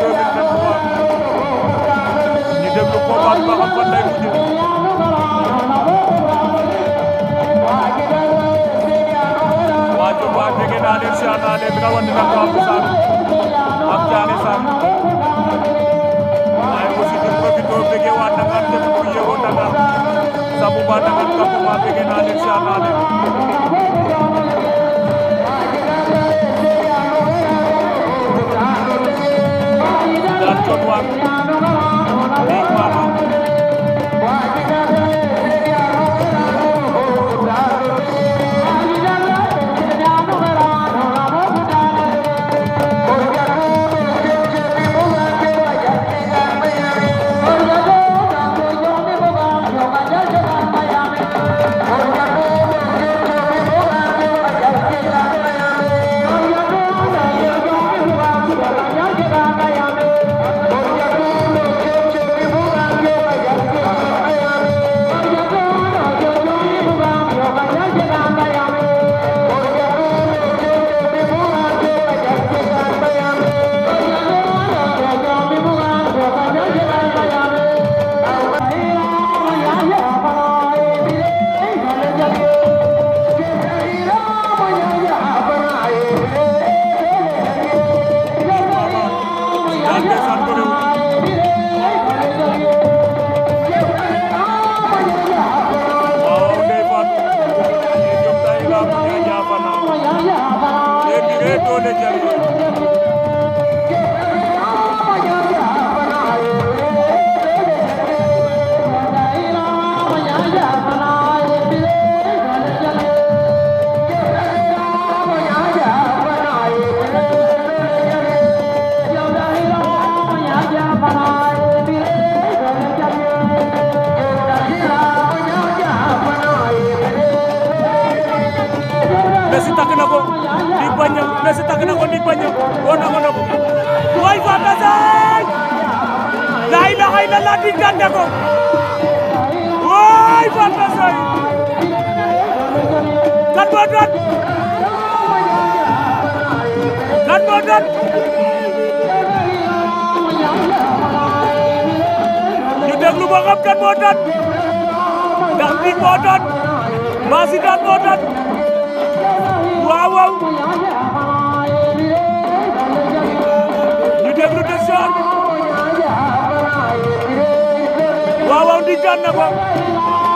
2023 ñu déglu combat ba xam fan lay mujj waa Diourbel dégg naa leen si ànd naa leen bi rawatina Pape Sarr ak Thiané Sarr waaye aussi di profité déggee waa Dakar képp ku yëgoo Dakar Samb ba Dakar kàpp maa dégg naa leen si ànd naa leen Let doo leen jàll Big Bandiang Messi takk na ko Big Bandiang woo oh, na ko na ko way Fata Seye la ilaha illallah di gànde ko way Fata Seye kan moo doon kan moo doon ñu déglu ba xam kan moo doon ndax Big moo doon Massi daan moo doon return नगो